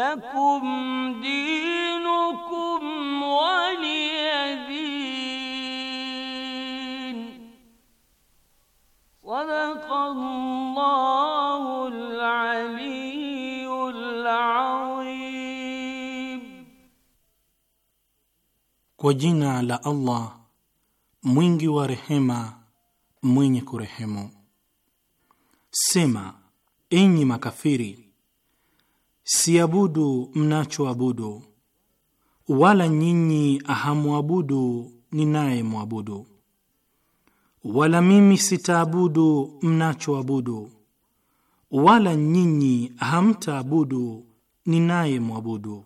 Kwa jina la Allah mwingi wa rehema mwenye kurehemu. Sema, enyi makafiri Siabudu mnachoabudu, wala nyinyi hamwabudu mwabudu Wala mimi sitaabudu mnachoabudu, wala nyinyi hamtaabudu mwabudu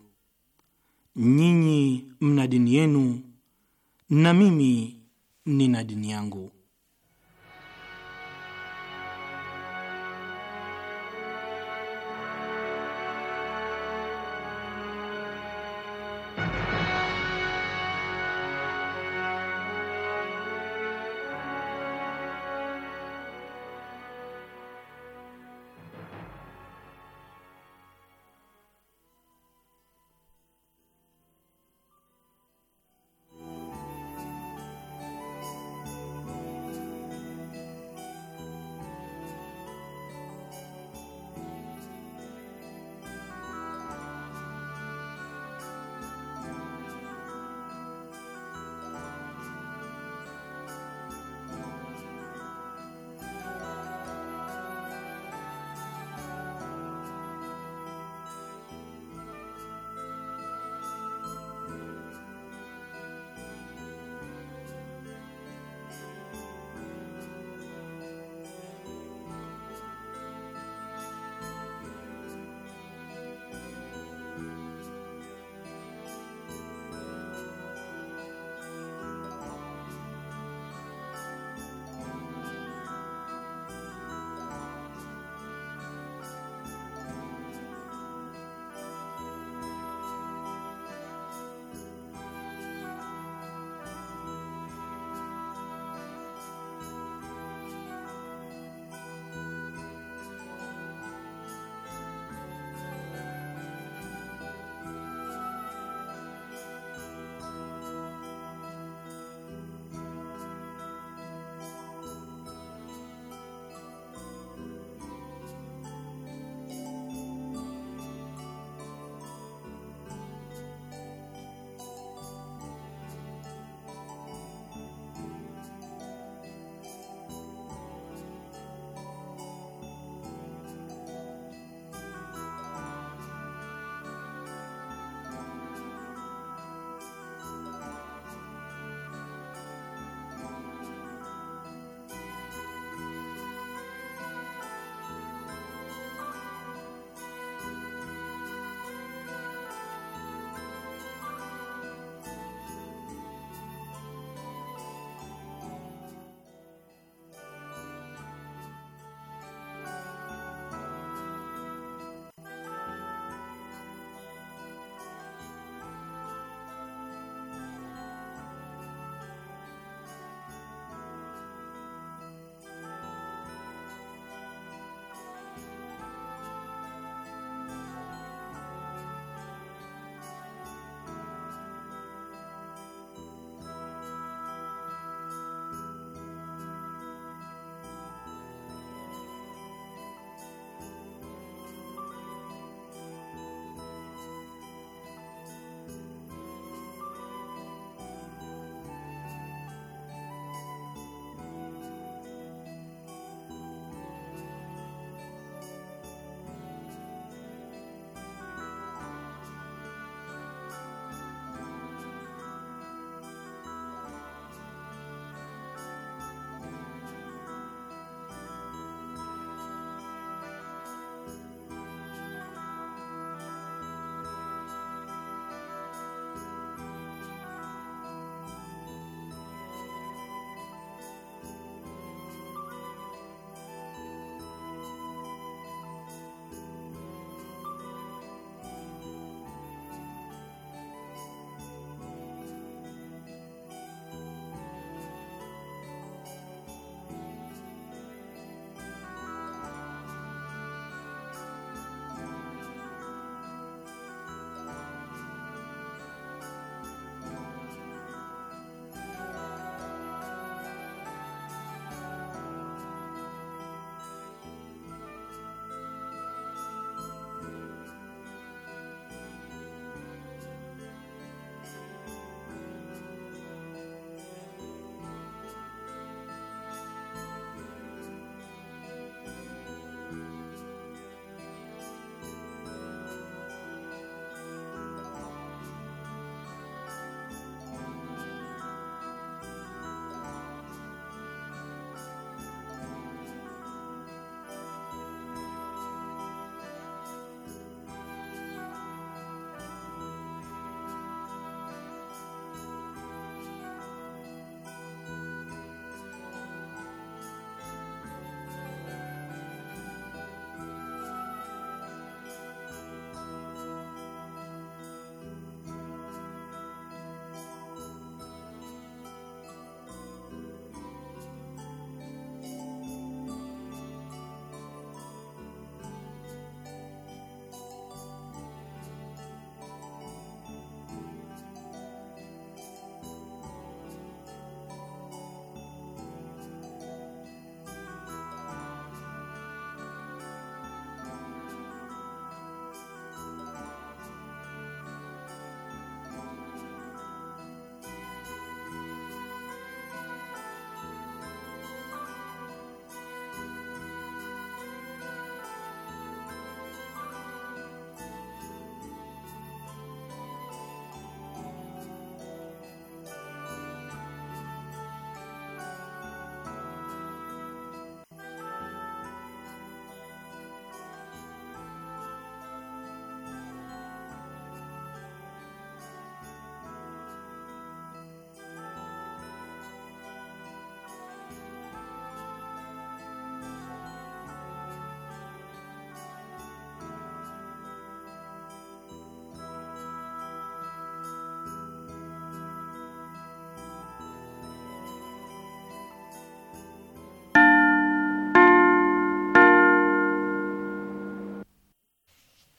Nyinyi mna dini yenu na mimi nina dini yangu.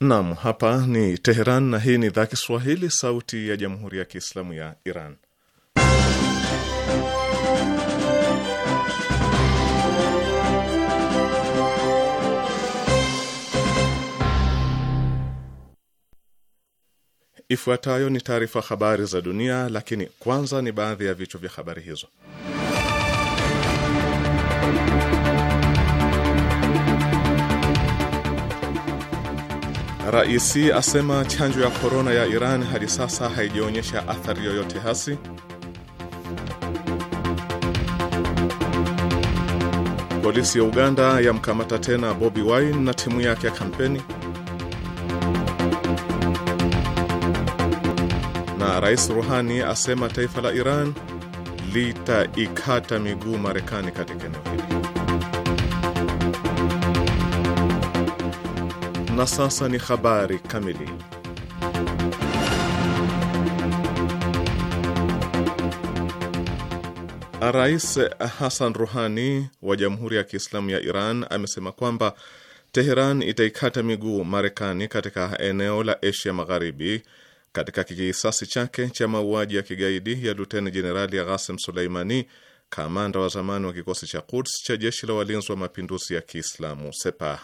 Nam, hapa ni Teheran na hii ni idhaa Kiswahili sauti ya jamhuri ya Kiislamu ya Iran. Ifuatayo ni taarifa habari za dunia, lakini kwanza ni baadhi ya vichwa vya habari hizo. Raisi asema chanjo ya korona ya Iran hadi sasa haijaonyesha athari yoyote hasi. Polisi ya Uganda yamkamata tena Bobi Wine na timu yake ya kampeni. Na Rais Ruhani asema taifa la Iran litaikata miguu Marekani katika eneo Na sasa ni habari kamili. Rais Hassan Rouhani wa Jamhuri ya Kiislamu ya Iran amesema kwamba Teheran itaikata miguu Marekani katika eneo la Asia Magharibi katika kisasi chake cha mauaji ya kigaidi ya Luteni Jenerali Ghasim Suleimani, kamanda wa zamani wa kikosi cha Quds cha jeshi la walinzi wa mapinduzi ya Kiislamu Sepah.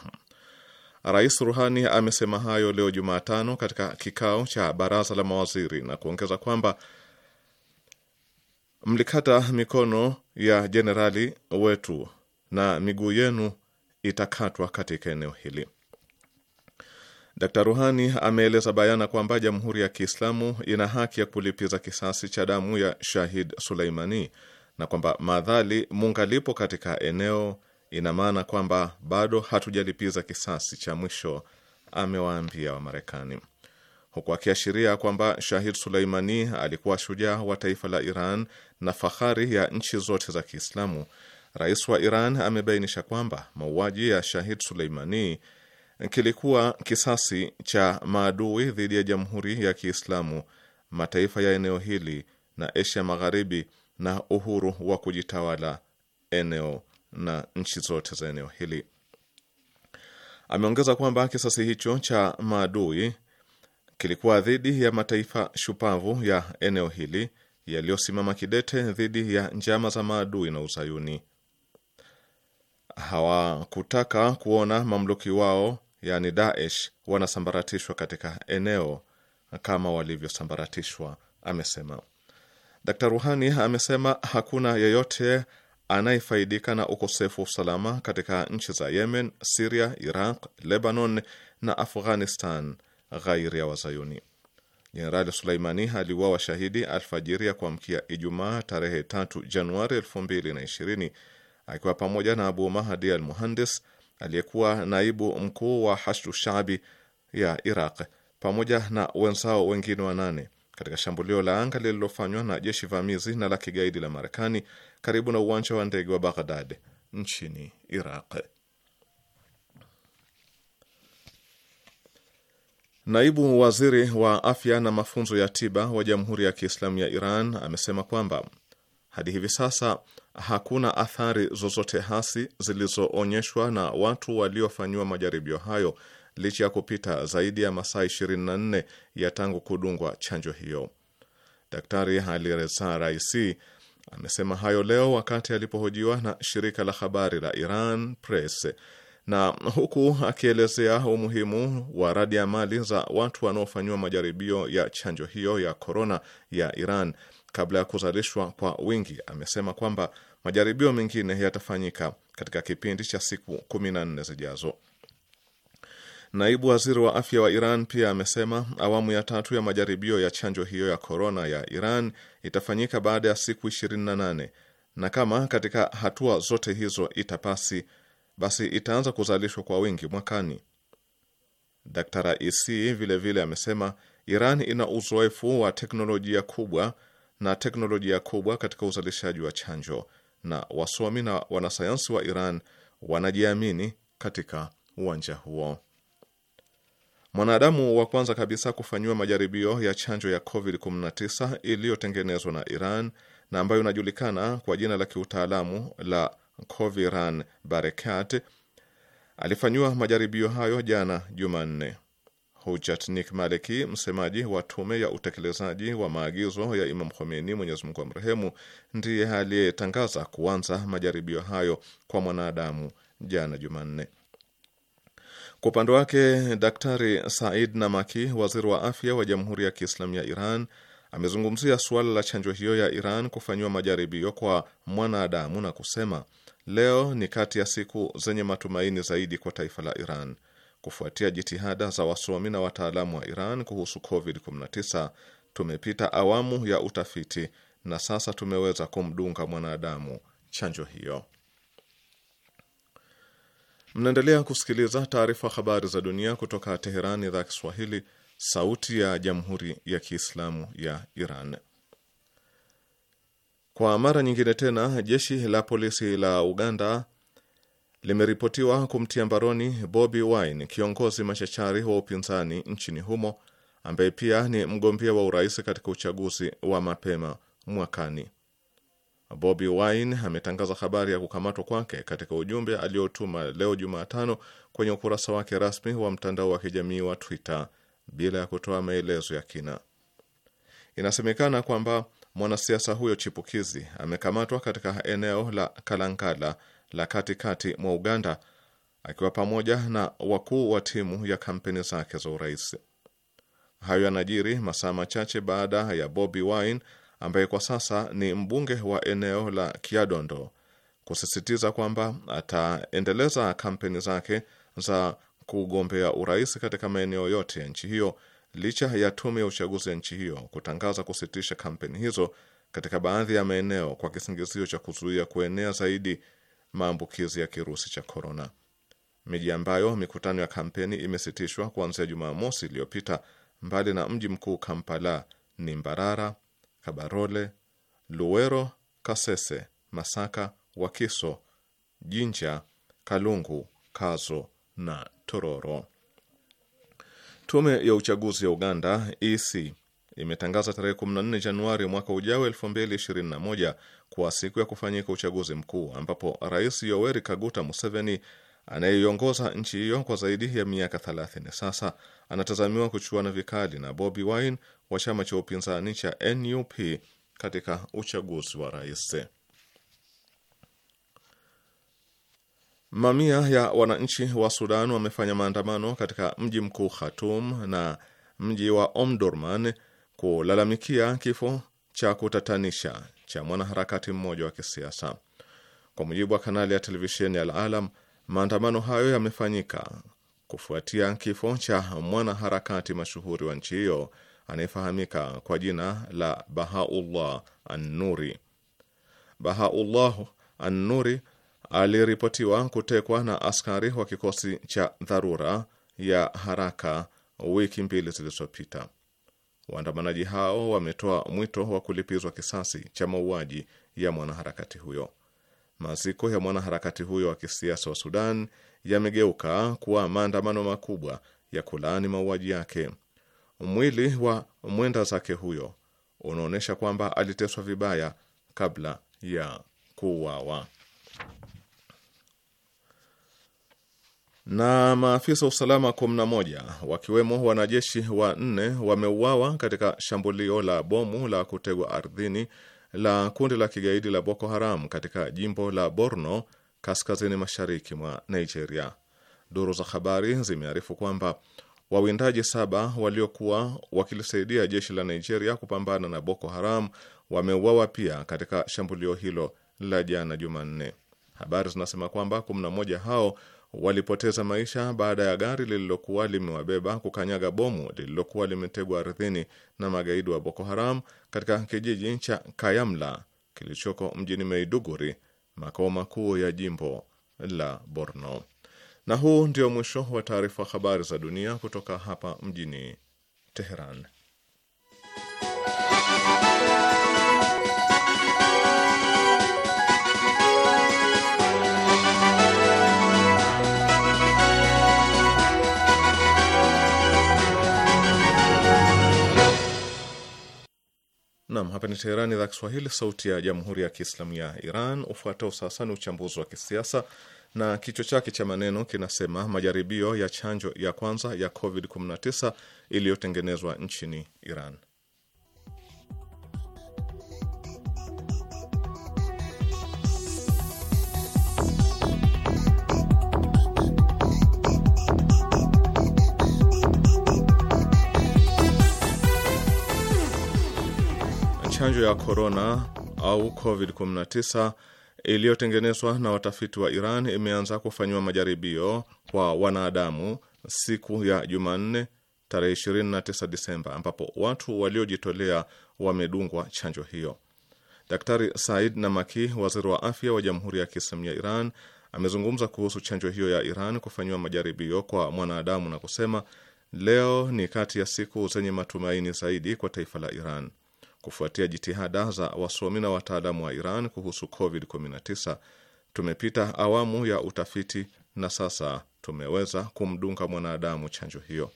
Rais Ruhani amesema hayo leo Jumatano katika kikao cha baraza la mawaziri na kuongeza kwamba mlikata mikono ya jenerali wetu na miguu yenu itakatwa katika eneo hili. Dr. Ruhani ameeleza bayana kwamba Jamhuri ya Kiislamu ina haki ya kulipiza kisasi cha damu ya Shahid Suleimani na kwamba madhali mungalipo katika eneo ina maana kwamba bado hatujalipiza kisasi cha mwisho, amewaambia Wamarekani, huku akiashiria kwamba Shahid Suleimani alikuwa shujaa wa taifa la Iran na fahari ya nchi zote za Kiislamu. Rais wa Iran amebainisha kwamba mauaji ya Shahid Suleimani kilikuwa kisasi cha maadui dhidi ya Jamhuri ya Kiislamu, mataifa ya eneo hili na Asia Magharibi na uhuru wa kujitawala eneo na nchi zote za eneo hili. Ameongeza kwamba kisasi hicho cha maadui kilikuwa dhidi ya mataifa shupavu ya eneo hili yaliyosimama kidete dhidi ya njama za maadui na Uzayuni. Hawakutaka kuona mamluki wao, yani Daesh, wanasambaratishwa katika eneo kama walivyosambaratishwa, amesema Dr. Ruhani. Amesema hakuna yeyote anayefaidika na ukosefu wa usalama katika nchi za Yemen, Siria, Iraq, Lebanon na Afghanistan ghairi ya Wazayuni. Jenerali Suleimani aliuawa shahidi alfajiri ya kuamkia Ijumaa tarehe 3 Januari 2020 akiwa pamoja na Abu Mahdi al Muhandis aliyekuwa naibu mkuu wa Hashdu Shabi ya Iraq pamoja na wenzao wengine wanane katika shambulio la anga lililofanywa na jeshi vamizi na la kigaidi la Marekani karibu na uwanja wa ndege wa Baghdad nchini Iraq. Naibu waziri wa afya na mafunzo ya tiba wa Jamhuri ya Kiislamu ya Iran amesema kwamba hadi hivi sasa hakuna athari zozote hasi zilizoonyeshwa na watu waliofanyiwa majaribio hayo licha ya kupita zaidi ya masaa 24 ya tangu kudungwa chanjo hiyo. Daktari reza Raisi Amesema hayo leo wakati alipohojiwa na shirika la habari la Iran Press na huku akielezea umuhimu wa radi ya mali za watu wanaofanyiwa majaribio ya chanjo hiyo ya korona ya Iran kabla ya kuzalishwa kwa wingi, amesema kwamba majaribio mengine yatafanyika katika kipindi cha siku kumi na nne zijazo. Naibu waziri wa afya wa Iran pia amesema awamu ya tatu ya majaribio ya chanjo hiyo ya korona ya Iran itafanyika baada ya siku 28 na kama katika hatua zote hizo itapasi, basi itaanza kuzalishwa kwa wingi mwakani. d Raisi vilevile amesema Iran ina uzoefu wa teknolojia kubwa na teknolojia kubwa katika uzalishaji wa chanjo na wasomi na wanasayansi wa Iran wanajiamini katika uwanja huo. Mwanadamu wa kwanza kabisa kufanyiwa majaribio ya chanjo ya COVID-19 iliyotengenezwa na Iran na ambayo inajulikana kwa jina la kiutaalamu la Coviran Barekat alifanyiwa majaribio hayo jana Jumanne. nik Maleki, msemaji wa tume ya utekelezaji wa maagizo ya Imam Khomeini, Mwenyezi Mungu amrehemu, ndiye aliyetangaza kuanza majaribio hayo kwa mwanadamu jana Jumanne. Kwa upande wake Daktari Said Namaki, waziri wa afya wa Jamhuri ya Kiislamu ya Iran, amezungumzia suala la chanjo hiyo ya Iran kufanyiwa majaribio kwa mwanadamu na kusema leo ni kati ya siku zenye matumaini zaidi kwa taifa la Iran kufuatia jitihada za wasomi na wataalamu wa Iran kuhusu COVID-19. Tumepita awamu ya utafiti na sasa tumeweza kumdunga mwanadamu chanjo hiyo. Mnaendelea kusikiliza taarifa habari za dunia kutoka Teherani, idhaa Kiswahili, sauti ya jamhuri ya kiislamu ya Iran. Kwa mara nyingine tena, jeshi la polisi la Uganda limeripotiwa kumtia mbaroni Bobi Wine, kiongozi machachari wa upinzani nchini humo, ambaye pia ni mgombea wa urais katika uchaguzi wa mapema mwakani. Bobi Wine ametangaza habari ya kukamatwa kwake katika ujumbe aliotuma leo Jumatano kwenye ukurasa wake rasmi wa mtandao wa kijamii wa Twitter bila ya kutoa maelezo ya kina. Inasemekana kwamba mwanasiasa huyo chipukizi amekamatwa katika eneo la kalangala la katikati mwa Uganda akiwa pamoja na wakuu wa timu ya kampeni zake za urais. Hayo yanajiri masaa machache baada ya Bobi Wine ambaye kwa sasa ni mbunge wa eneo la Kiadondo kusisitiza kwamba ataendeleza kampeni zake za kugombea urais katika maeneo yote ya nchi hiyo licha ya tume ya uchaguzi ya nchi hiyo kutangaza kusitisha kampeni hizo katika baadhi ya maeneo kwa kisingizio cha kuzuia kuenea zaidi maambukizi ya kirusi cha korona. Miji ambayo mikutano ya kampeni imesitishwa kuanzia Jumamosi iliyopita, mbali na mji mkuu Kampala, ni Mbarara, Kabarole, Luwero, Kasese, Masaka, Wakiso, Jinja, Kalungu, Kazo na Tororo. Tume ya uchaguzi ya Uganda EC imetangaza tarehe 14 Januari mwaka ujao 2021 kuwa siku ya kufanyika uchaguzi mkuu ambapo Rais Yoweri Kaguta Museveni anayeiongoza nchi hiyo kwa zaidi ya miaka 30 sasa, anatazamiwa kuchuana vikali na Bobi Wine wa chama cha upinzani cha NUP katika uchaguzi wa rais. Mamia ya wananchi wa Sudan wamefanya maandamano katika mji mkuu Khartoum na mji wa Omdurman kulalamikia kifo cha kutatanisha cha mwanaharakati mmoja wa kisiasa. Kwa mujibu wa kanali ya televisheni ya Al Alam, Maandamano hayo yamefanyika kufuatia kifo cha mwanaharakati mashuhuri wa nchi hiyo anayefahamika kwa jina la Bahaullah Annuri. Bahaullah Annuri aliripotiwa kutekwa na askari wa kikosi cha dharura ya haraka wiki mbili zilizopita. Waandamanaji hao wametoa mwito wa kulipizwa kisasi cha mauaji ya mwanaharakati huyo maziko ya mwanaharakati huyo wa kisiasa wa Sudan yamegeuka kuwa maandamano makubwa ya kulaani mauaji yake. Mwili wa mwenda zake huyo unaonyesha kwamba aliteswa vibaya kabla ya kuuawa. Na maafisa wa usalama 11 wakiwemo wanajeshi wanne wameuawa katika shambulio la bomu la kutegwa ardhini la kundi la kigaidi la Boko Haram katika jimbo la Borno kaskazini mashariki mwa Nigeria. Duru za habari zimearifu kwamba wawindaji saba waliokuwa wakilisaidia jeshi la Nigeria kupambana na Boko Haram wameuawa pia katika shambulio hilo la jana Jumanne. Habari zinasema kwamba kumi na moja hao walipoteza maisha baada ya gari lililokuwa limewabeba kukanyaga bomu lililokuwa limetegwa ardhini na magaidi wa Boko Haram katika kijiji cha Kayamla kilichoko mjini meiduguri makao makuu ya jimbo la Borno. Na huu ndio mwisho wa taarifa habari za dunia kutoka hapa mjini Teheran. Nam, hapa ni Teherani, idhaa Kiswahili, sauti ya jamhuri ya kiislamu ya Iran. Ufuatao sasa ni uchambuzi wa kisiasa na kichwa chake cha maneno kinasema majaribio ya chanjo ya kwanza ya COVID-19 iliyotengenezwa nchini Iran. chanjo ya korona au COVID-19 iliyotengenezwa na watafiti wa Iran imeanza kufanyiwa majaribio kwa wanadamu siku ya Jumanne tarehe 29 Disemba, ambapo watu waliojitolea wamedungwa chanjo hiyo. Daktari Said Namaki, waziri wa afya wa Jamhuri ya Kiislamu ya Iran, amezungumza kuhusu chanjo hiyo ya Iran kufanyiwa majaribio kwa mwanadamu na kusema leo ni kati ya siku zenye matumaini zaidi kwa taifa la Iran. Kufuatia jitihada za wasomi na wataalamu wa Iran kuhusu COVID-19, tumepita awamu ya utafiti na sasa tumeweza kumdunga mwanadamu chanjo hiyo.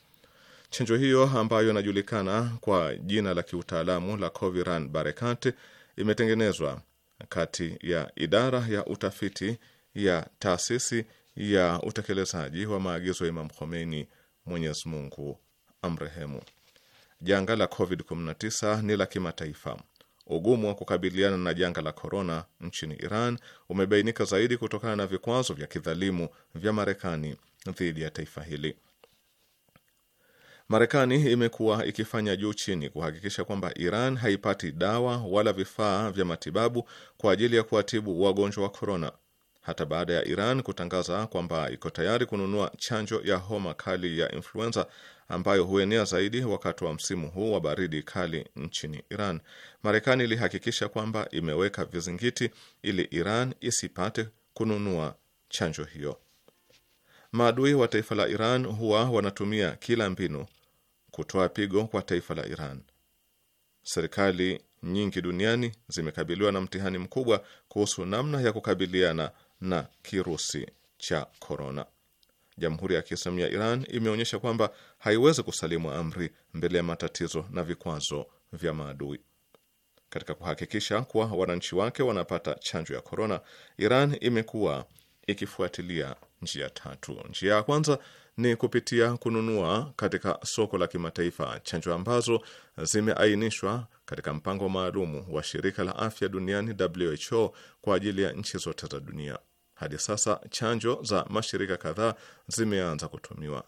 Chanjo hiyo ambayo inajulikana kwa jina la kiutaalamu la Coviran Barekat imetengenezwa kati ya idara ya utafiti ya taasisi ya utekelezaji wa maagizo ya Imam Khomeini, Mwenyezi Mungu amrehemu janga la COVID-19 ni la kimataifa. Ugumu wa kukabiliana na janga la korona nchini Iran umebainika zaidi kutokana na vikwazo vya kidhalimu vya Marekani dhidi ya taifa hili. Marekani imekuwa ikifanya juu chini kuhakikisha kwamba Iran haipati dawa wala vifaa vya matibabu kwa ajili ya kuwatibu wagonjwa wa korona, hata baada ya Iran kutangaza kwamba iko tayari kununua chanjo ya homa kali ya influenza ambayo huenea zaidi wakati wa msimu huu wa baridi kali nchini Iran. Marekani ilihakikisha kwamba imeweka vizingiti ili Iran isipate kununua chanjo hiyo. Maadui wa taifa la Iran huwa wanatumia kila mbinu kutoa pigo kwa taifa la Iran. Serikali nyingi duniani zimekabiliwa na mtihani mkubwa kuhusu namna ya kukabiliana na kirusi cha korona. Jamhuri ya Kiislamu ya Iran imeonyesha kwamba haiwezi kusalimu amri mbele ya matatizo na vikwazo vya maadui. Katika kuhakikisha kuwa wananchi wake wanapata chanjo ya korona, Iran imekuwa ikifuatilia njia tatu. Njia ya kwanza ni kupitia kununua katika soko la kimataifa chanjo ambazo zimeainishwa katika mpango maalumu wa shirika la afya duniani WHO kwa ajili ya nchi zote za dunia. Hadi sasa chanjo za mashirika kadhaa zimeanza kutumiwa.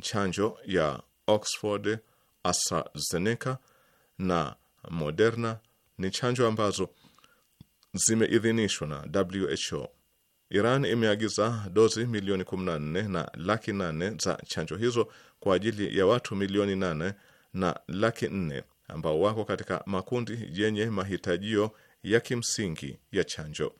Chanjo ya Oxford, AstraZeneca na Moderna ni chanjo ambazo zimeidhinishwa na WHO. Iran imeagiza dozi milioni 14 na laki 8 za chanjo hizo kwa ajili ya watu milioni 8 na laki 4 ambao wako katika makundi yenye mahitajio ya kimsingi ya chanjo.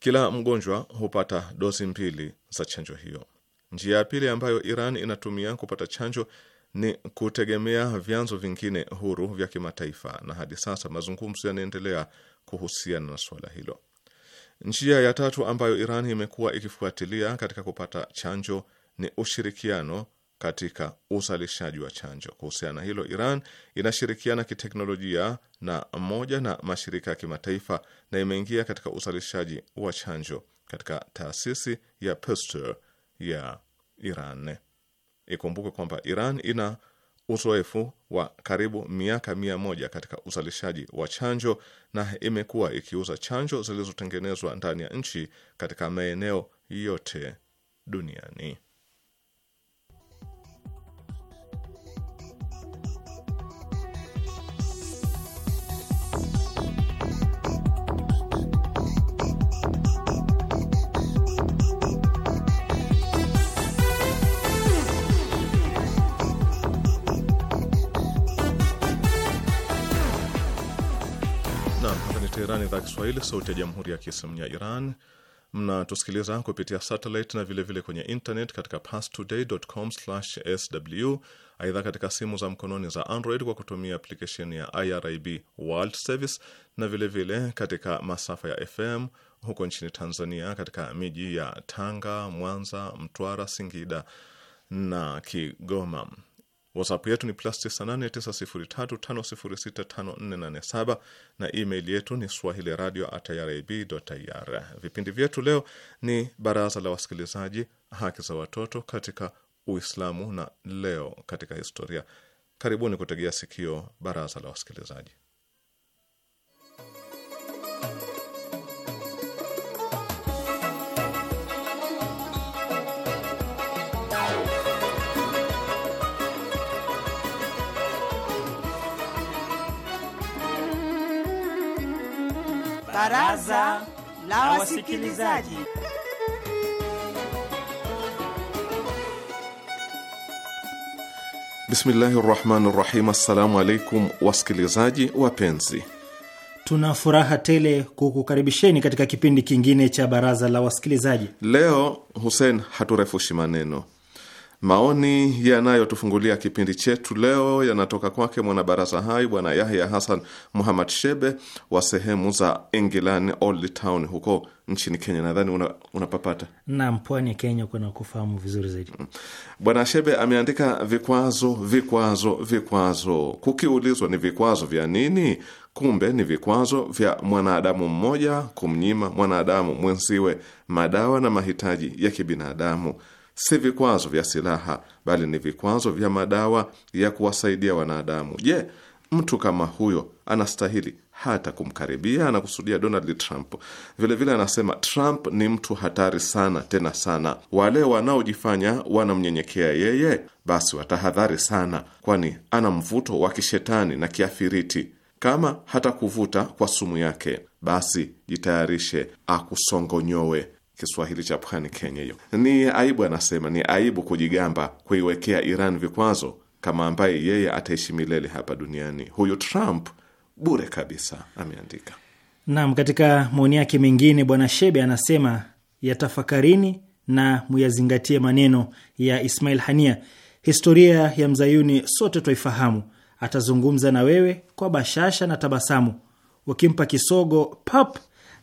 Kila mgonjwa hupata dozi mbili za chanjo hiyo. Njia ya pili ambayo Iran inatumia kupata chanjo ni kutegemea vyanzo vingine huru vya kimataifa, na hadi sasa mazungumzo yanaendelea kuhusiana na suala hilo. Njia ya tatu ambayo Iran imekuwa ikifuatilia katika kupata chanjo ni ushirikiano katika uzalishaji wa chanjo. Kuhusiana na hilo, Iran inashirikiana kiteknolojia na moja na mashirika ya kimataifa na imeingia katika uzalishaji wa chanjo katika taasisi ya Pasteur ya Iran. Ikumbuke kwamba Iran ina uzoefu wa karibu miaka mia moja katika uzalishaji wa chanjo na imekuwa ikiuza chanjo zilizotengenezwa ndani ya nchi katika maeneo yote duniani. Teherani, idhaa Kiswahili, sauti ya jamhuri ya kiislamu ya Iran. Mnatusikiliza kupitia satellite na vilevile vile kwenye internet katika pastoday.com/sw. Aidha, katika simu za mkononi za Android kwa kutumia aplikesheni ya IRIB World Service na vilevile vile katika masafa ya FM huko nchini Tanzania, katika miji ya Tanga, Mwanza, Mtwara, Singida na Kigoma. WhatsApp yetu ni plus 989035065487 na email yetu ni swahili radio at irib.ir. Vipindi vyetu leo ni baraza la wasikilizaji, haki za watoto katika Uislamu na leo katika historia. Karibuni kutegea sikio baraza la wasikilizaji. Baraza la Wasikilizaji. Bismillahi rahmani rahim. Assalamu alaikum wasikilizaji wapenzi, tuna furaha tele kukukaribisheni katika kipindi kingine cha Baraza la Wasikilizaji. Leo Hussein, haturefushi maneno Maoni yanayotufungulia kipindi chetu leo yanatoka kwake mwanabaraza hai Bwana Yahya Hassan Muhammad Shebe wa sehemu za England Old Town huko nchini Kenya. Nadhani unapapata una nam pwani ya Kenya kuna kufahamu vizuri zaidi. Bwana Shebe ameandika vikwazo, vikwazo, vikwazo. Kukiulizwa ni vikwazo vya nini? Kumbe ni vikwazo vya mwanadamu mmoja kumnyima mwanadamu mwenziwe madawa na mahitaji ya kibinadamu si vikwazo vya silaha, bali ni vikwazo vya madawa ya kuwasaidia wanadamu. Je, mtu kama huyo anastahili hata kumkaribia? Anakusudia Donald Trump. Vilevile vile anasema Trump ni mtu hatari sana, tena sana. Wale wanaojifanya wanamnyenyekea yeye, basi watahadhari sana, kwani ana mvuto wa kishetani na kiafiriti. Kama hata kuvuta kwa sumu yake, basi jitayarishe akusongonyowe. Kiswahili cha pwani Kenya. Hiyo ni aibu, anasema ni aibu kujigamba kuiwekea Iran vikwazo kama ambaye yeye ataishi milele hapa duniani. Huyu Trump bure kabisa, ameandika. nam. katika maoni yake mengine bwana Shebe anasema yatafakarini na muyazingatie maneno ya Ismail Hania. Historia ya mzayuni sote twaifahamu, atazungumza na wewe kwa bashasha na tabasamu. Ukimpa kisogo pap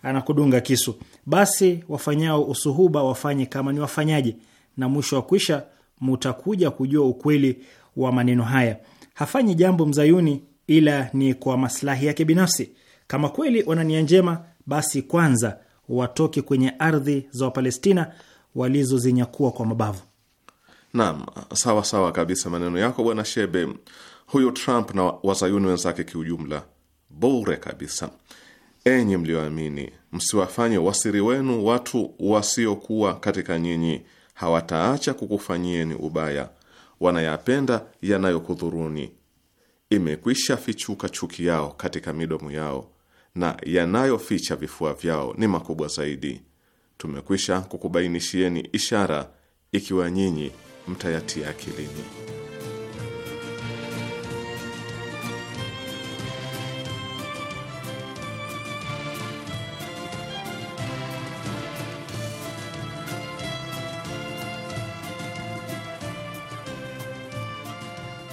anakudunga kisu. Basi wafanyao usuhuba wafanye kama ni wafanyaji, na mwisho wa kwisha mutakuja kujua ukweli wa maneno haya. Hafanyi jambo mzayuni ila ni kwa maslahi yake binafsi. Kama kweli wana nia njema, basi kwanza watoke kwenye ardhi za Wapalestina walizozinyakua kwa mabavu. Naam, sawa sawa kabisa maneno yako bwana Shebe. Huyu Trump na wazayuni wenzake kiujumla, bure kabisa. Enyi mlioamini, msiwafanye wasiri wenu watu wasiokuwa katika nyinyi, hawataacha kukufanyieni ubaya, wanayapenda yanayokudhuruni. Imekwisha fichuka chuki yao katika midomo yao, na yanayoficha vifua vyao ni makubwa zaidi. Tumekwisha kukubainishieni ishara, ikiwa nyinyi mtayatia akilini.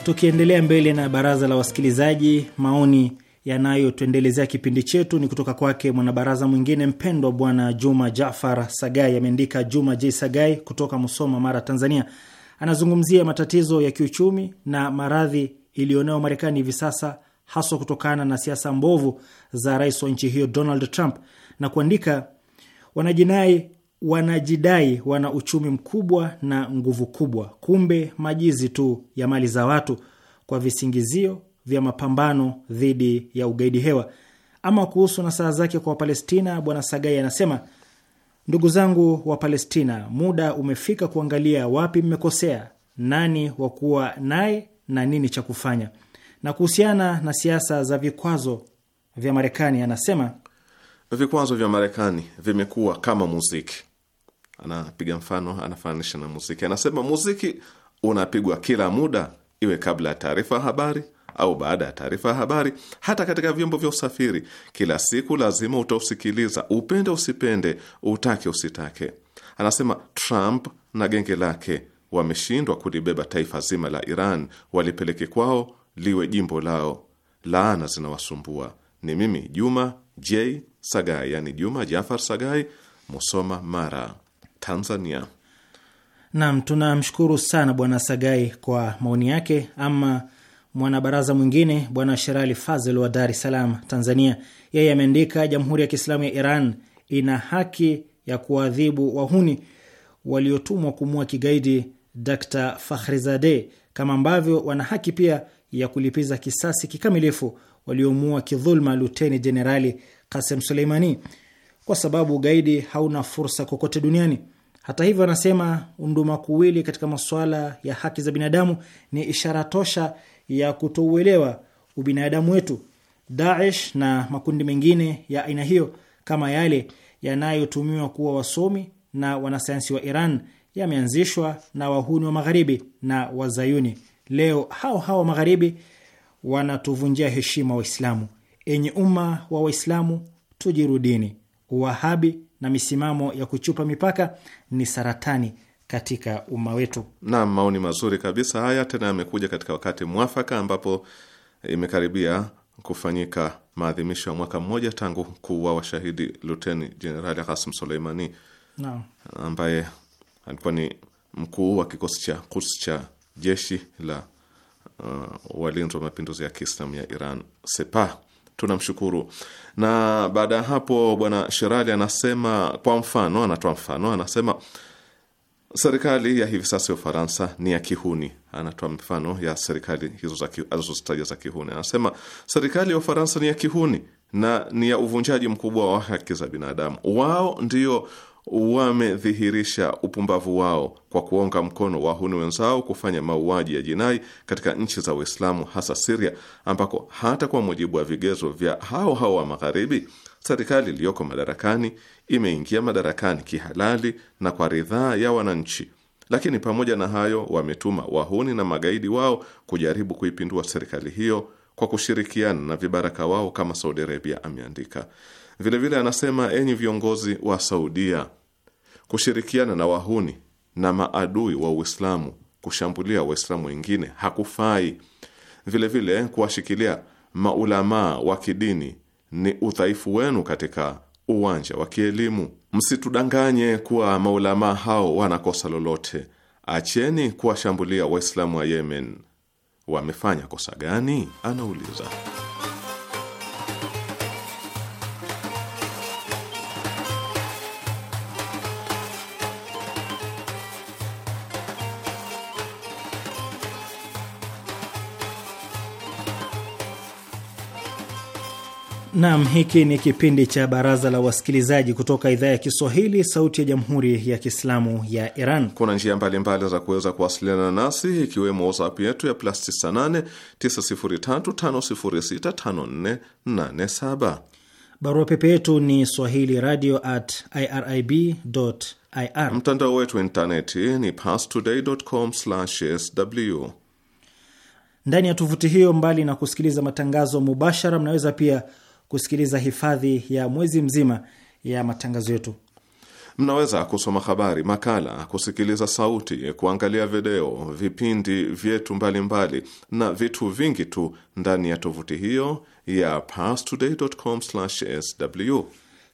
Tukiendelea mbele na baraza la wasikilizaji, maoni yanayotuendelezea kipindi chetu ni kutoka kwake mwanabaraza mwingine mpendwa, Bwana Juma Jafar Sagai. Ameandika Juma J Sagai kutoka Musoma, Mara, Tanzania. Anazungumzia matatizo ya kiuchumi na maradhi iliyonayo Marekani hivi sasa, haswa kutokana na siasa mbovu za rais wa nchi hiyo Donald Trump, na kuandika wanajinai wanajidai wana uchumi mkubwa na nguvu kubwa, kumbe majizi tu ya mali za watu kwa visingizio vya mapambano dhidi ya ugaidi hewa. Ama kuhusu nasaha zake kwa Wapalestina, Bwana Sagai anasema ndugu zangu wa Palestina, muda umefika kuangalia wapi mmekosea, nani wa kuwa naye na nini cha kufanya. Na kuhusiana na siasa za vikwazo vya Marekani anasema vikwazo vya Marekani vimekuwa kama muziki anapiga mfano, anafananisha na muziki. Anasema muziki unapigwa kila muda, iwe kabla ya taarifa ya habari au baada ya taarifa ya habari, hata katika vyombo vya usafiri. Kila siku lazima utausikiliza, upende usipende, utake usitake. Anasema Trump na genge lake wameshindwa kulibeba taifa zima la Iran, walipeleke kwao, liwe jimbo lao. Laana zinawasumbua. Ni mimi Juma J Sagai, yani Juma Jafar Sagai, Musoma, Mara. Tanzania. Nam, tunamshukuru sana Bwana Sagai kwa maoni yake. Ama mwanabaraza mwingine Bwana Sherali Fazel wa Dar es Salaam, Tanzania, yeye ameandika, Jamhuri ya Kiislamu ya Iran ina haki ya kuwaadhibu wahuni waliotumwa kumua kigaidi Dr fahrizade kama ambavyo wana haki pia ya kulipiza kisasi kikamilifu waliomua kidhulma Luteni Jenerali Kasem Suleimani, kwa sababu ugaidi hauna fursa kokote duniani. Hata hivyo, anasema undumakuwili katika masuala ya haki za binadamu ni ishara tosha ya kutouelewa ubinadamu wetu. Daesh na makundi mengine ya aina hiyo kama yale yanayotumiwa kuwa wasomi na wanasayansi wa Iran yameanzishwa na wahuni wa Magharibi na Wazayuni. Leo hao hao wa Magharibi wanatuvunjia heshima Waislamu. enye umma wa Waislamu, tujirudini. Uwahabi na misimamo ya kuchupa mipaka ni saratani katika umma wetu. Naam, maoni mazuri kabisa haya, tena yamekuja katika wakati mwafaka ambapo imekaribia kufanyika maadhimisho ya mwaka mmoja tangu kuwa washahidi Luteni Jenerali kasim suleimani no. ambaye alikuwa ni mkuu wa kikosi cha Quds cha jeshi la uh, walinzi wa mapinduzi ya Kiislamu ya Iran Sepah tunamshukuru. Na baada ya hapo, bwana Sherali anasema kwa mfano, anatoa mfano, anasema serikali ya hivi sasa ya Ufaransa ni ya kihuni. Anatoa mfano ya serikali hizo alizozitaja za kihuni, anasema serikali ya Ufaransa ni ya kihuni na ni ya uvunjaji mkubwa wa haki za binadamu. Wao ndio wamedhihirisha upumbavu wao kwa kuonga mkono wahuni wenzao kufanya mauaji ya jinai katika nchi za Uislamu, hasa Siria, ambako hata kwa mujibu wa vigezo vya hao hao wa Magharibi, serikali iliyoko madarakani imeingia madarakani kihalali na kwa ridhaa ya wananchi. Lakini pamoja na hayo, wametuma wahuni na magaidi wao kujaribu kuipindua serikali hiyo kwa kushirikiana na vibaraka wao kama Saudi Arabia, ameandika. Vilevile vile anasema, enyi viongozi wa Saudia, kushirikiana na wahuni na maadui wa Uislamu kushambulia Waislamu wengine hakufai. Vilevile kuwashikilia maulamaa wa kidini ni udhaifu wenu katika uwanja wa kielimu. Msitudanganye kuwa maulamaa hao wanakosa lolote. Acheni kuwashambulia Waislamu wa Yemen. Wamefanya kosa gani? Anauliza. nam hiki ni kipindi cha Baraza la Wasikilizaji kutoka idhaa ya Kiswahili, Sauti ya Jamhuri ya Kiislamu ya Iran. Kuna njia mbalimbali za kuweza kuwasiliana nasi, ikiwemo WhatsApp yetu ya plus 98 9035065487. Barua pepe yetu ni swahili radio at irib ir. Mtandao wetu wa intaneti ni pastoday.com sw ndani ya tovuti hiyo, mbali na kusikiliza matangazo mubashara, mnaweza pia kusikiliza hifadhi ya mwezi mzima ya matangazo yetu. Mnaweza kusoma habari, makala, kusikiliza sauti, kuangalia video, vipindi vyetu mbalimbali mbali, na vitu vingi tu ndani ya tovuti hiyo ya parstoday.com/sw.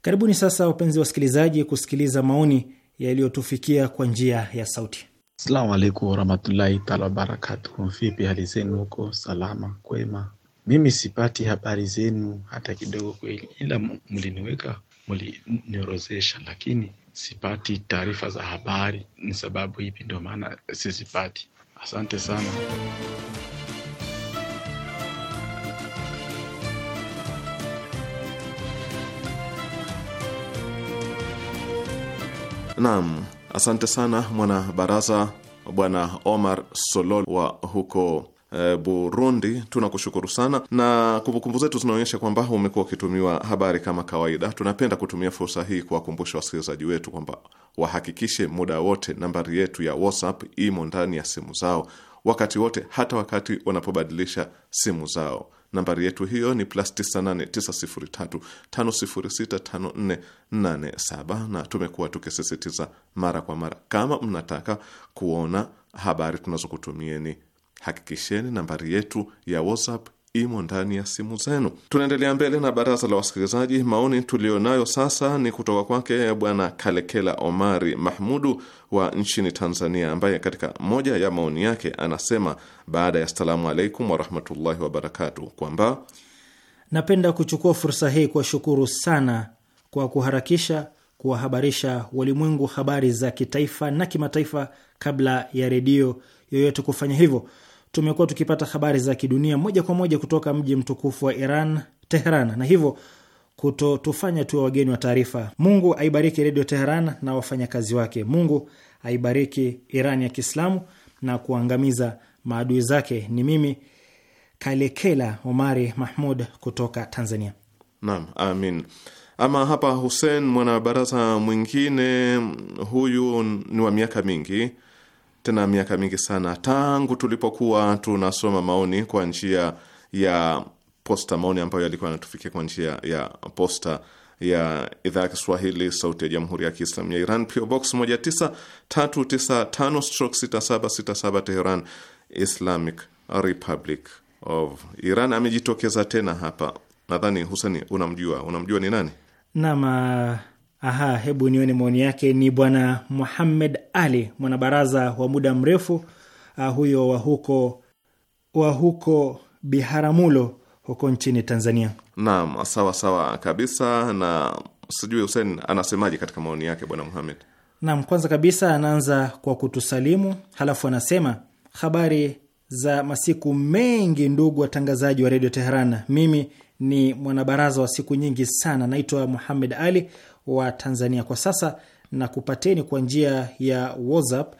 Karibuni sasa, wapenzi wasikilizaji, kusikiliza maoni yaliyotufikia kwa njia ya sauti. Asalamu alaikum warahmatullahi taala wabarakatuh. Vipi hali zenu huko, salama kwema? Mimi sipati habari zenu hata kidogo kweli, ila mliniweka mliniorozesha, lakini sipati taarifa za habari. Ni sababu ipi ndio maana sizipati? Asante sana. Naam, asante sana mwana baraza Bwana Omar Solol wa huko Eh, Burundi. Tunakushukuru sana, na kumbukumbu zetu zinaonyesha kwamba umekuwa ukitumiwa habari kama kawaida. Tunapenda kutumia fursa hii kuwakumbusha wasikilizaji wetu kwamba wahakikishe muda wote nambari yetu ya WhatsApp imo ndani ya simu zao wakati wote, hata wakati wanapobadilisha simu zao. Nambari yetu hiyo ni plus 989035065487 na tumekuwa tukisisitiza mara kwa mara, kama mnataka kuona habari tunazokutumieni Hakikisheni nambari yetu ya WhatsApp imo ndani ya simu zenu. Tunaendelea mbele na baraza la wasikilizaji. Maoni tuliyonayo sasa ni kutoka kwake Bwana Kalekela Omari Mahmudu wa nchini Tanzania, ambaye katika moja ya maoni yake anasema baada ya assalamu alaikum warahmatullahi wabarakatu, kwamba napenda kuchukua fursa hii kuwashukuru sana kwa kuharakisha kuwahabarisha walimwengu habari za kitaifa na kimataifa kabla ya redio yoyote kufanya hivyo tumekuwa tukipata habari za kidunia moja kwa moja kutoka mji mtukufu wa Iran, Teheran, na hivyo kutotufanya tuwe wageni wa taarifa. Mungu aibariki Redio Teheran na wafanyakazi wake. Mungu aibariki Iran ya Kiislamu na kuangamiza maadui zake. Ni mimi Kalekela Omari Mahmud kutoka Tanzania. Naam, amin. Ama hapa Hussein, mwanabaraza mwingine huyu ni wa miaka mingi tena miaka mingi sana tangu tulipokuwa tunasoma maoni kwa njia ya posta, maoni ambayo yalikuwa yanatufikia kwa njia ya posta ya idhaa ya Kiswahili sauti ya jamhuri ya Kiislamu ya Iran, PO Box 19395 stroke 6767 Teheran, Islamic Republic of Iran. Amejitokeza tena hapa, nadhani Huseni unamjua, unamjua ni nani? Naam. Aha, hebu nione maoni yake. Ni bwana Muhammed Ali, mwanabaraza wa muda mrefu ah, huyo wa huko wa huko Biharamulo huko nchini Tanzania. Naam, sawa sawa kabisa. Na sijui Hussein anasemaje katika maoni yake bwana Muhammad? Naam, kwanza kabisa anaanza kwa kutusalimu, halafu anasema habari za masiku mengi, ndugu watangazaji wa redio Teheran. Mimi ni mwanabaraza wa siku nyingi sana, naitwa Muhammad Ali wa Tanzania kwa sasa na kupateni kwa njia ya WhatsApp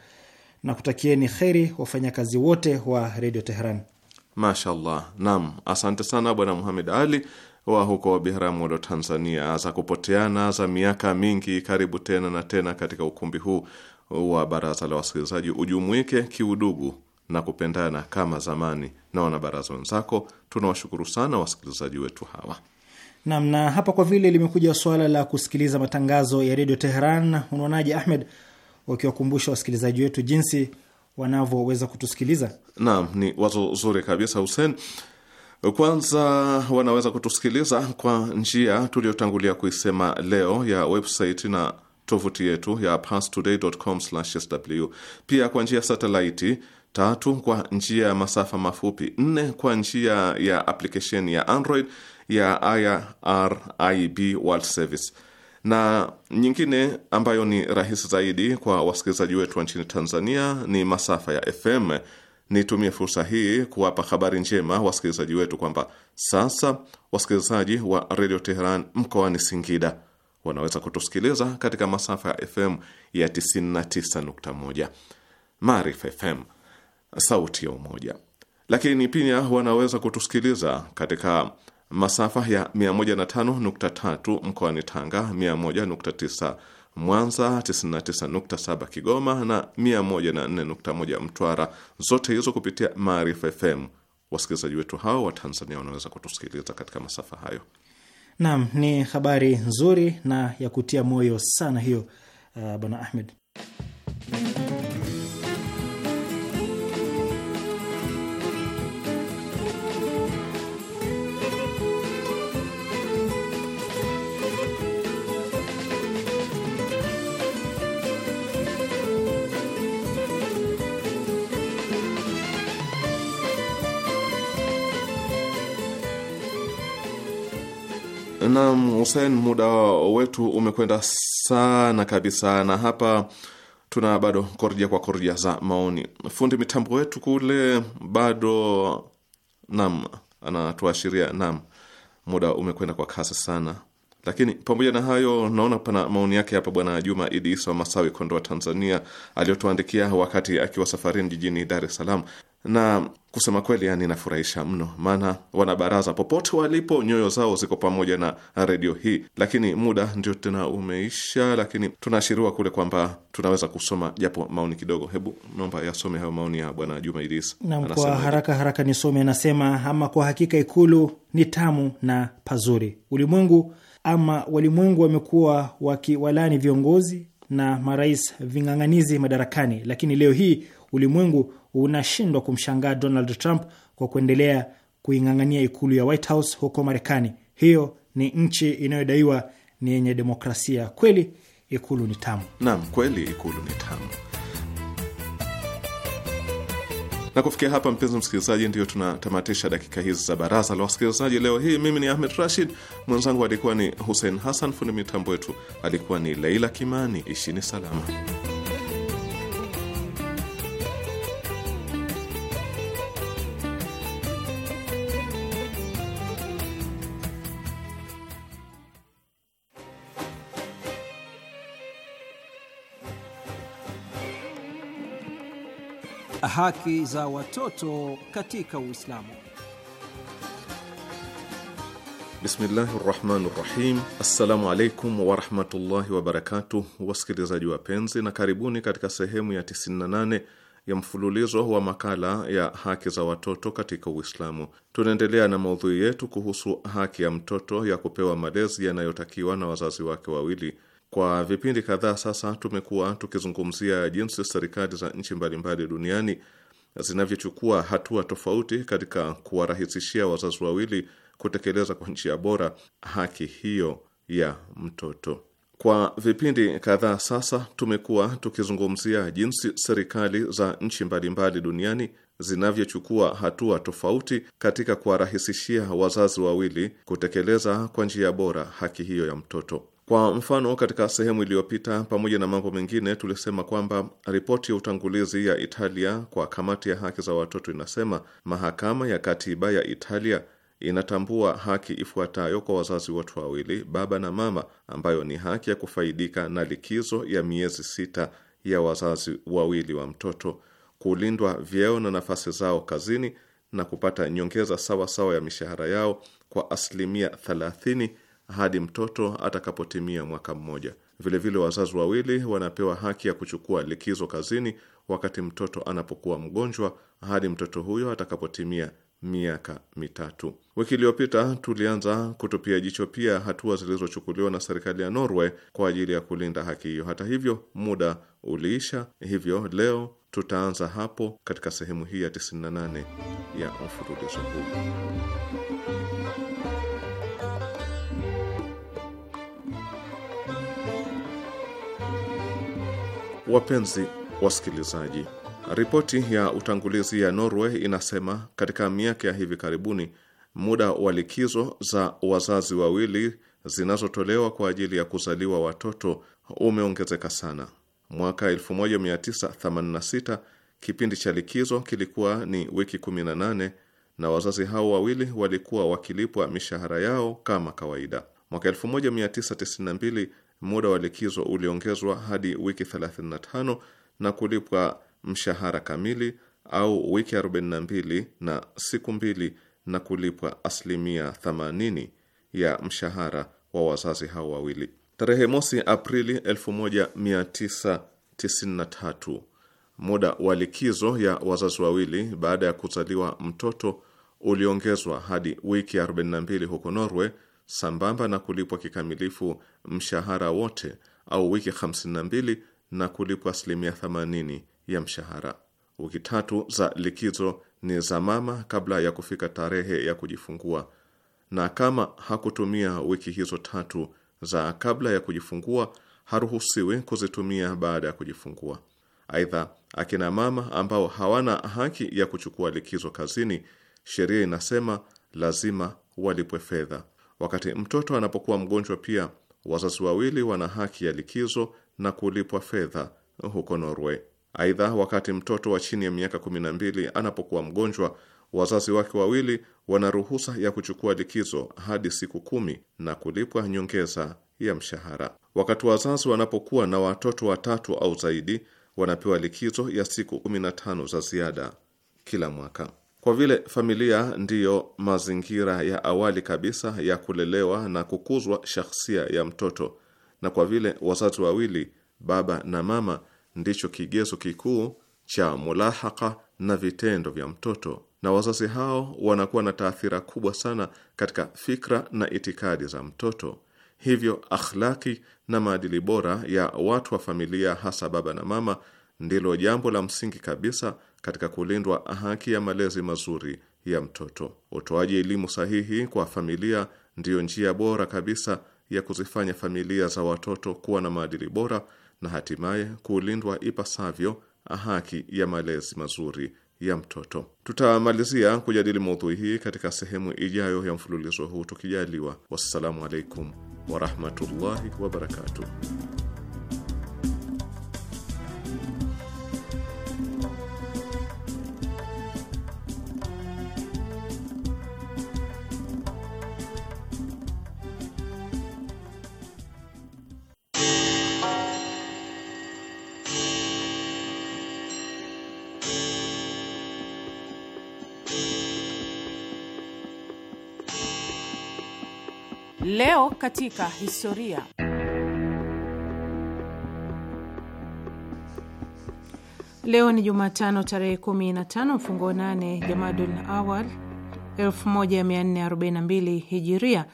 na kutakieni kheri wafanyakazi wote wa redio Teheran. Mashallah, nam, asante sana Bwana Muhamed Ali wa huko wa Biharamulo, Tanzania, za kupoteana za miaka mingi. Karibu tena na tena katika ukumbi huu wa baraza la wasikilizaji, ujumuike kiudugu na kupendana kama zamani na wanabaraza wenzako. Tunawashukuru sana wasikilizaji wetu hawa. Nam, na hapa kwa vile limekuja swala la kusikiliza matangazo ya redio Teheran, unaonaje Ahmed, wakiwakumbusha wasikilizaji wetu jinsi wanavyoweza kutusikiliza? Naam, ni wazo zuri kabisa Hussein. Kwanza wanaweza kutusikiliza kwa njia tuliyotangulia kuisema leo ya website na tovuti yetu ya pastoday.com/sw, pia kwa njia satelaiti tatu, kwa njia ya masafa mafupi nne, kwa njia ya aplikesheni ya Android ya IRIB World Service na nyingine ambayo ni rahisi zaidi kwa wasikilizaji wetu wa nchini Tanzania ni masafa ya FM. Nitumie fursa hii kuwapa habari njema wasikilizaji wetu kwamba sasa wasikilizaji wa redio Teheran mkoani Singida wanaweza kutusikiliza katika masafa ya FM ya 99.1 Maarifa FM, sauti ya Umoja, lakini pia wanaweza kutusikiliza katika masafa ya 105.3 mkoani Tanga, 101.9 Mwanza, 99.7 Kigoma na 104.1 Mtwara, zote hizo kupitia Maarifa FM. Wasikilizaji wetu hao wa Tanzania wanaweza kutusikiliza katika masafa hayo. Naam, ni habari nzuri na ya kutia moyo sana hiyo, uh, Bwana Ahmed. Hussein, muda wetu umekwenda sana kabisa, na hapa tuna bado korja kwa korja za maoni. Fundi mitambo wetu kule bado nam anatuashiria nam, muda umekwenda kwa kasi sana, lakini pamoja na hayo, naona pana maoni yake hapa. Bwana Juma Idi Isa Masawi, Kondoa, Tanzania, aliyotuandikia wakati akiwa safarini jijini Dar es Salaam na kusema kweli, yani inafurahisha mno, maana wanabaraza popote walipo, nyoyo zao ziko pamoja na redio hii. Lakini muda ndio tena umeisha, lakini tunaashiriwa kule kwamba tunaweza kusoma japo maoni kidogo. Hebu naomba yasome hayo maoni ya bwana Juma Idris. Naam, kwa haraka haraka nisome. Anasema, ama kwa hakika Ikulu ni tamu na pazuri. Ulimwengu ama walimwengu wamekuwa wakiwalani viongozi na marais ving'ang'anizi madarakani, lakini leo hii ulimwengu unashindwa kumshangaa Donald Trump kwa kuendelea kuing'ang'ania ikulu ya White House huko Marekani. Hiyo ni nchi inayodaiwa ni yenye demokrasia kweli. Ikulu ni tamu. Naam, kweli ikulu ni tamu. Na kufikia hapa, mpenzi msikilizaji, ndio tunatamatisha dakika hizi za baraza la wasikilizaji leo hii. Mimi ni Ahmed Rashid, mwenzangu alikuwa ni Hussein Hassan, fundi mitambo wetu alikuwa ni Leila Kimani. Ishini salama. haki za watoto katika Uislamu. Bismillahi rahmani rahim. Assalamu alaikum warahmatullahi wabarakatuh, wasikilizaji wapenzi, na karibuni katika sehemu ya 98 ya mfululizo wa makala ya haki za watoto katika Uislamu. Tunaendelea na maudhui yetu kuhusu haki ya mtoto ya kupewa malezi yanayotakiwa na wazazi wake wawili kwa vipindi kadhaa sasa tumekuwa tukizungumzia jinsi serikali za nchi mbalimbali duniani zinavyochukua hatua tofauti katika kuwarahisishia wazazi wawili kutekeleza kwa njia bora haki hiyo ya mtoto. Kwa vipindi kadhaa sasa tumekuwa tukizungumzia jinsi serikali za nchi mbalimbali duniani zinavyochukua hatua tofauti katika kuwarahisishia wazazi wawili kutekeleza kwa njia bora haki hiyo ya mtoto. Kwa mfano, katika sehemu iliyopita, pamoja na mambo mengine, tulisema kwamba ripoti ya utangulizi ya Italia kwa kamati ya haki za watoto inasema mahakama ya katiba ya Italia inatambua haki ifuatayo kwa wazazi wote wawili, baba na mama, ambayo ni haki ya kufaidika na likizo ya miezi sita ya wazazi wawili wa mtoto, kulindwa vyeo na nafasi zao kazini, na kupata nyongeza sawa sawa ya mishahara yao kwa asilimia thelathini hadi mtoto atakapotimia mwaka mmoja. Vilevile, wazazi wawili wanapewa haki ya kuchukua likizo kazini wakati mtoto anapokuwa mgonjwa hadi mtoto huyo atakapotimia miaka mitatu. Wiki iliyopita tulianza kutupia jicho pia hatua zilizochukuliwa na serikali ya Norway kwa ajili ya kulinda haki hiyo. Hata hivyo, muda uliisha, hivyo leo tutaanza hapo katika sehemu hii ya 98 ya mfululizo huu. Wapenzi wasikilizaji, ripoti ya utangulizi ya Norway inasema katika miaka ya hivi karibuni muda wa likizo za wazazi wawili zinazotolewa kwa ajili ya kuzaliwa watoto umeongezeka sana. Mwaka 1986 kipindi cha likizo kilikuwa ni wiki 18 na wazazi hao wawili walikuwa wakilipwa mishahara yao kama kawaida. Mwaka 1992 muda wa likizo uliongezwa hadi wiki 35 na kulipwa mshahara kamili au wiki 42 na siku mbili na kulipwa asilimia 80 ya mshahara wa wazazi hao wawili. Tarehe mosi Aprili 1993 muda wa likizo ya wazazi wawili baada ya kuzaliwa mtoto uliongezwa hadi wiki 42 huko Norway sambamba na kulipwa kikamilifu mshahara wote au wiki 52 na kulipwa asilimia 80 ya mshahara. Wiki tatu za likizo ni za mama kabla ya kufika tarehe ya kujifungua, na kama hakutumia wiki hizo tatu za kabla ya kujifungua haruhusiwi kuzitumia baada ya kujifungua. Aidha, akina mama ambao hawana haki ya kuchukua likizo kazini, sheria inasema lazima walipwe fedha. Wakati mtoto anapokuwa mgonjwa, pia wazazi wawili wana haki ya likizo na kulipwa fedha huko Norway. Aidha, wakati mtoto wa chini ya miaka 12 anapokuwa mgonjwa, wazazi wake wawili wana ruhusa ya kuchukua likizo hadi siku kumi na kulipwa nyongeza ya mshahara. Wakati wazazi wanapokuwa na watoto watatu au zaidi, wanapewa likizo ya siku 15 za ziada kila mwaka. Kwa vile familia ndiyo mazingira ya awali kabisa ya kulelewa na kukuzwa shakhsia ya mtoto, na kwa vile wazazi wawili, baba na mama, ndicho kigezo kikuu cha mulahaka na vitendo vya mtoto, na wazazi hao wanakuwa na taathira kubwa sana katika fikra na itikadi za mtoto. Hivyo akhlaki na maadili bora ya watu wa familia, hasa baba na mama, ndilo jambo la msingi kabisa katika kulindwa haki ya malezi mazuri ya mtoto. Utoaji elimu sahihi kwa familia ndiyo njia bora kabisa ya kuzifanya familia za watoto kuwa na maadili bora na hatimaye kulindwa ipasavyo haki ya malezi mazuri ya mtoto. Tutamalizia kujadili maudhui hii katika sehemu ijayo ya mfululizo huu tukijaliwa. Wassalamu alaikum warahmatullahi wabarakatuh. Leo katika historia. Leo ni Jumatano tarehe 15 mfungo 8 Jamadul Awal 1442 Hijiria,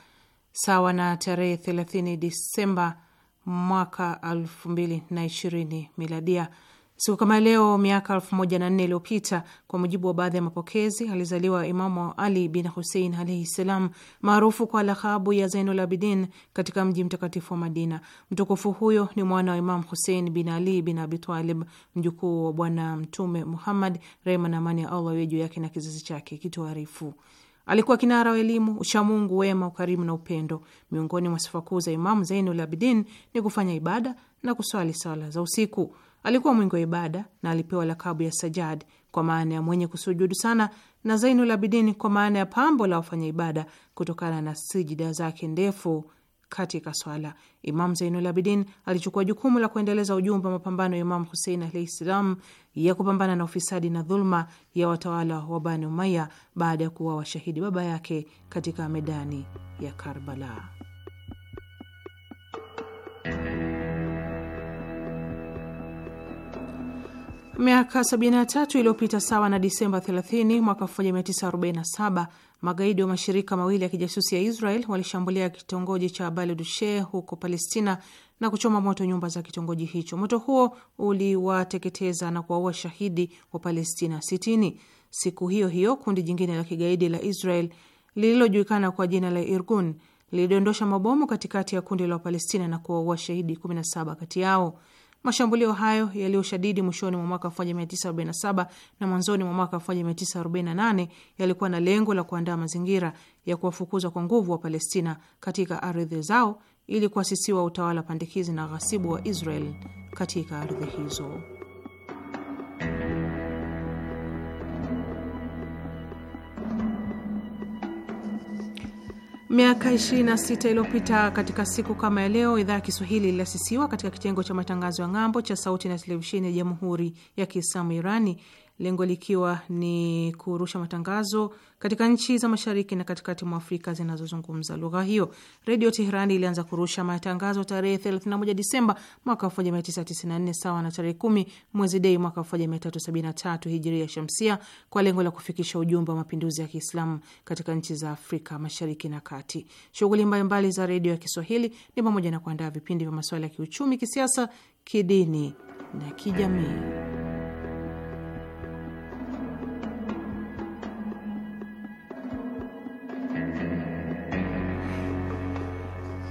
sawa na tarehe 30 Disemba mwaka 2020 Miladia. Siku kama leo miaka elfu moja na nne iliyopita kwa mujibu wa baadhi ya mapokezi, alizaliwa Imamu Ali bin Husein alaihi ssalam, maarufu kwa lakhabu ya Zainul Abidin, katika mji mtakatifu wa Madina. Mtukufu huyo ni mwana wa Imamu Husein bin Ali bin Abitalib, mjukuu wa Bwana Mtume Muhammad, rehma na amani ya Allah iwe juu yake na kizazi chake kitoarifu. Alikuwa kinara wa elimu, uchamungu, wema, ukarimu na upendo. Miongoni mwa sifa kuu za Imamu Zainul Abidin ni kufanya ibada na kuswali sala za usiku. Alikuwa mwingi wa ibada na alipewa lakabu ya Sajad kwa maana ya mwenye kusujudu sana, na Zainul Abidin kwa maana ya pambo la wafanya ibada kutokana na sijida zake ndefu katika swala. Imam Zainul Abidin alichukua jukumu la kuendeleza ujumbe wa mapambano ya Imam Husein alahi ssalam ya kupambana na ufisadi na dhuluma ya watawala wa Bani Umaya baada ya kuwa washahidi baba yake katika medani ya Karbala. Miaka 73 iliyopita sawa na Disemba 30 mwaka 1947, magaidi wa mashirika mawili ya kijasusi ya Israel walishambulia kitongoji cha Dushe huko Palestina na kuchoma moto nyumba za kitongoji hicho. Moto huo uliwateketeza na kuwaua shahidi wa Palestina 60. Siku hiyo hiyo kundi jingine la kigaidi la Israel lililojulikana kwa jina la Irgun lilidondosha mabomu katikati ya kundi la Wapalestina na kuwaua shahidi 17 kati yao. Mashambulio hayo yaliyoshadidi mwishoni mwa mwaka 1947 na mwanzoni mwa mwaka 1948 yalikuwa na lengo la kuandaa mazingira ya kuwafukuza kwa nguvu wa Palestina katika ardhi zao ili kuasisiwa utawala pandikizi na ghasibu wa Israel katika ardhi hizo. Miaka 26 iliyopita katika siku kama ya leo, idhaa ya Kiswahili iliasisiwa katika kitengo cha matangazo ya ng'ambo cha sauti na televisheni ya Jamhuri ya Kiislamu Irani lengo likiwa ni kurusha matangazo katika nchi za mashariki na katikati mwa Afrika zinazozungumza lugha hiyo. Redio Teherani ilianza kurusha matangazo tarehe 31 Disemba mwaka 1994 sawa na tarehe 10 mwezi Dei mwaka 1373 hijiria shamsia, kwa lengo la kufikisha ujumbe wa mapinduzi ya Kiislamu katika nchi za Afrika mashariki na kati. Shughuli mbalimbali za redio ya Kiswahili ni pamoja na kuandaa vipindi vya masuala ya kiuchumi, kisiasa, kidini na kijamii.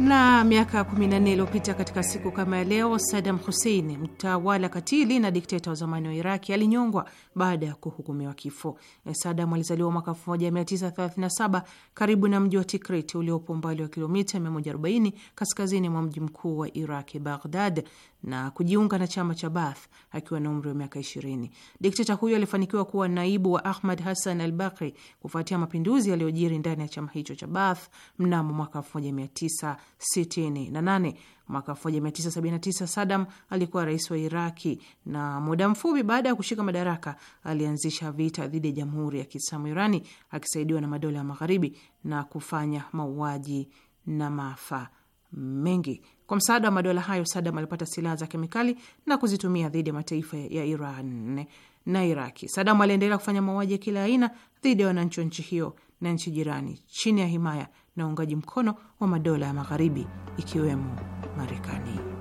Na miaka 14 iliyopita katika siku kama ya leo, Saddam Hussein, mtawala katili na dikteta wa zamani wa Iraki, alinyongwa baada ya kuhukumiwa kifo. E, Saddam alizaliwa mwaka 1937 karibu na mji wa Tikrit uliopo umbali wa kilomita 140 kaskazini mwa mji mkuu wa Iraki, Baghdad na kujiunga na chama cha Baath akiwa na umri wa miaka 20. Dikteta huyo alifanikiwa kuwa naibu wa Ahmad Hassan al Bakri kufuatia mapinduzi yaliyojiri ndani ya chama hicho cha Baath mnamo mwaka 1968. Mwaka 1979 Sadam alikuwa rais wa Iraki, na muda mfupi baada ya kushika madaraka alianzisha vita dhidi ya jamhuri ya Kiislamu Irani akisaidiwa na madola ya Magharibi na kufanya mauaji na maafa mengi. Kwa msaada wa madola hayo, Sadam alipata silaha za kemikali na kuzitumia dhidi ya mataifa ya Iran na Iraki. Sadam aliendelea kufanya mauaji ya kila aina dhidi ya wananchi wa nchi hiyo na nchi jirani chini ya himaya na uungaji mkono wa madola ya Magharibi ikiwemo Marekani.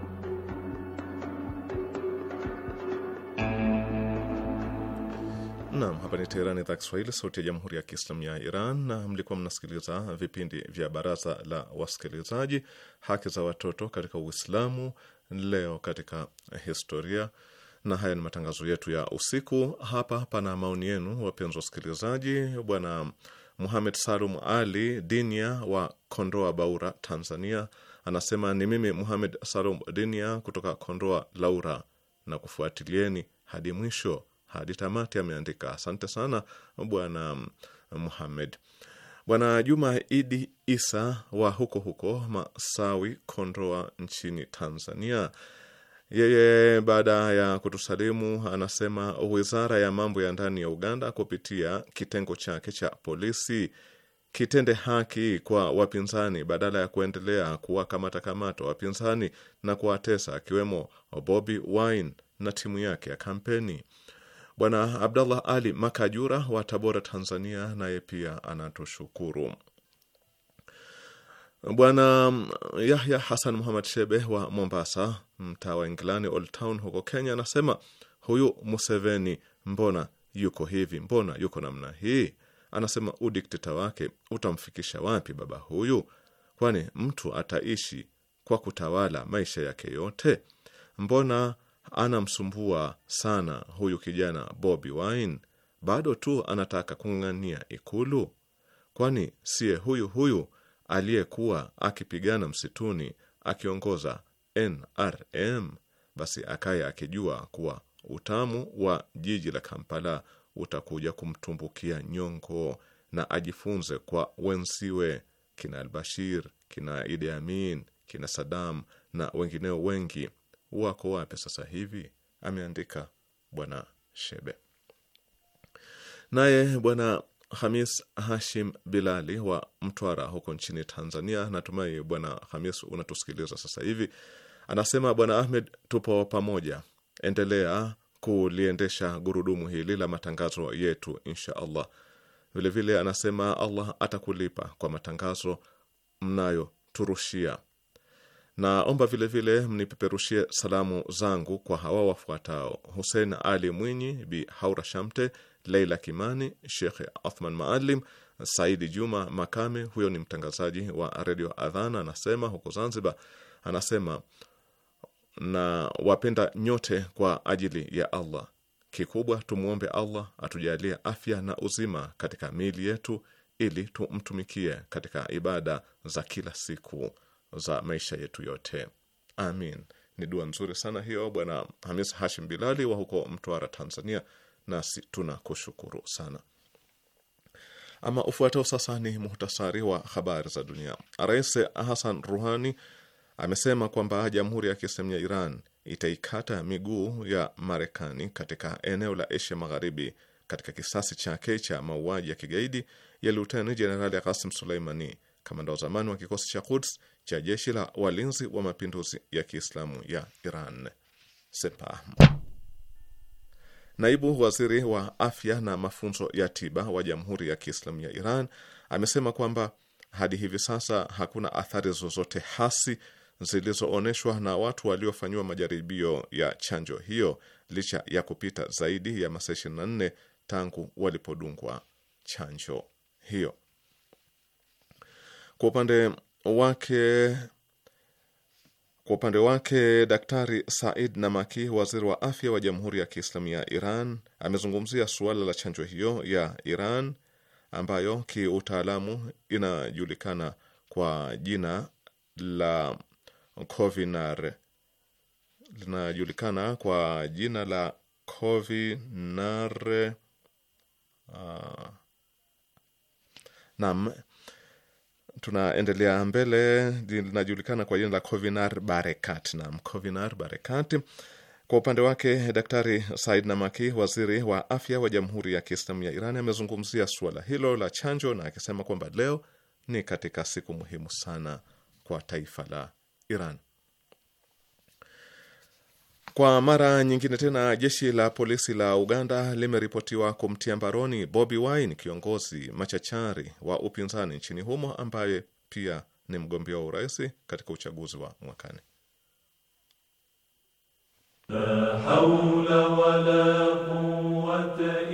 Naam, hapa ni Teherani, idhaa Kiswahili, sauti ya jamhuri ya kiislamu ya Iran, na mlikuwa mnasikiliza vipindi vya baraza la wasikilizaji, haki za watoto katika Uislamu, leo katika historia, na haya ni matangazo yetu ya usiku. Hapa pana maoni yenu, wapenzi wasikilizaji. Bwana Muhamed Salum Ali Dinia wa Kondoa Baura, Tanzania, anasema ni mimi Muhamed Salum Dinia kutoka Kondoa Laura, na kufuatilieni hadi mwisho hadi tamati, ameandika. Asante sana bwana Muhamed. Bwana Juma Idi Isa wa huko huko Masawi, Kondoa nchini Tanzania, yeye baada ya kutusalimu anasema wizara ya mambo ya ndani ya Uganda kupitia kitengo chake cha polisi kitende haki kwa wapinzani badala ya kuendelea kuwakamata kamata wapinzani na kuwatesa akiwemo Bobi Wine na timu yake ya kampeni. Bwana Abdallah Ali Makajura wa Tabora, Tanzania, naye pia anatushukuru. Bwana Yahya Hasan Muhamad Shebe wa Mombasa, mtaa wa Englani Old Town huko Kenya, anasema huyu Museveni mbona yuko hivi, mbona yuko namna hii? Anasema udikteta wake utamfikisha wapi baba huyu? Kwani mtu ataishi kwa kutawala maisha yake yote? Mbona anamsumbua sana huyu kijana Bobi Wine, bado tu anataka kung'ang'ania Ikulu? Kwani siye huyu huyu aliyekuwa akipigana msituni akiongoza NRM? Basi akaye akijua kuwa utamu wa jiji la Kampala utakuja kumtumbukia nyongo, na ajifunze kwa wensiwe kina Albashir, kina Idi Amin, kina Sadam na wengineo wengi wako wapi sasa hivi? Ameandika bwana Shebe. Naye bwana Hamis Hashim Bilali wa Mtwara huko nchini Tanzania, natumai bwana Hamis unatusikiliza sasa hivi, anasema bwana Ahmed, tupo pamoja, endelea kuliendesha gurudumu hili la matangazo yetu insha Allah. Vilevile anasema Allah atakulipa kwa matangazo mnayoturushia Naomba vilevile mnipeperushie salamu zangu kwa hawa wafuatao: Hussein Ali Mwinyi, Bi Haura Shamte, Leila Kimani, Sheikh Othman Maalim, Saidi Juma Makame. Huyo ni mtangazaji wa redio Adhana, anasema huko Zanzibar, anasema na wapenda nyote kwa ajili ya Allah. Kikubwa tumwombe Allah atujalie afya na uzima katika miili yetu, ili tumtumikie katika ibada za kila siku za maisha yetu yote, amin. Ni dua nzuri sana hiyo, Bwana Hamis Hashim Bilali wa huko Mtwara, Tanzania, nasi tuna kushukuru sana. Ama ufuatao sasa ni muhtasari wa habari za dunia. Rais Hassan Ruhani amesema kwamba Jamhuri ya Kiislamu ya Iran itaikata miguu ya Marekani katika eneo la Asia Magharibi katika kisasi chake cha mauaji ya kigaidi ya Luteni Jenerali Qasim Suleimani, kamanda wa zamani wa kikosi cha Quds cha jeshi la walinzi wa mapinduzi ya Kiislamu ya Iran Sepa. Naibu waziri wa afya na mafunzo ya tiba wa Jamhuri ya Kiislamu ya Iran amesema kwamba hadi hivi sasa hakuna athari zozote hasi zilizoonyeshwa na watu waliofanyiwa majaribio ya chanjo hiyo licha ya kupita zaidi ya masaa 24 tangu walipodungwa chanjo hiyo. Kwa upande wake kwa upande wake Daktari Said Namaki, waziri wa afya wa Jamhuri ya Kiislamu ya Iran, amezungumzia suala la chanjo hiyo ya Iran ambayo kiutaalamu inajulikana kwa jina la Covinar, linajulikana kwa jina la Covinar uh, nam tunaendelea mbele, linajulikana kwa jina la covinar Barekat. Naam, Covinar Barekat. Kwa upande wake Daktari Said Namaki, waziri wa afya wa Jamhuri ya Kiislamu ya Iran, amezungumzia suala hilo la chanjo na akisema kwamba leo ni katika siku muhimu sana kwa taifa la Iran. Kwa mara nyingine tena jeshi la polisi la Uganda limeripotiwa kumtia mbaroni Bobi Wine, kiongozi machachari wa upinzani nchini humo, ambaye pia ni mgombea wa urais katika uchaguzi wa mwakani. La haula wala quwwata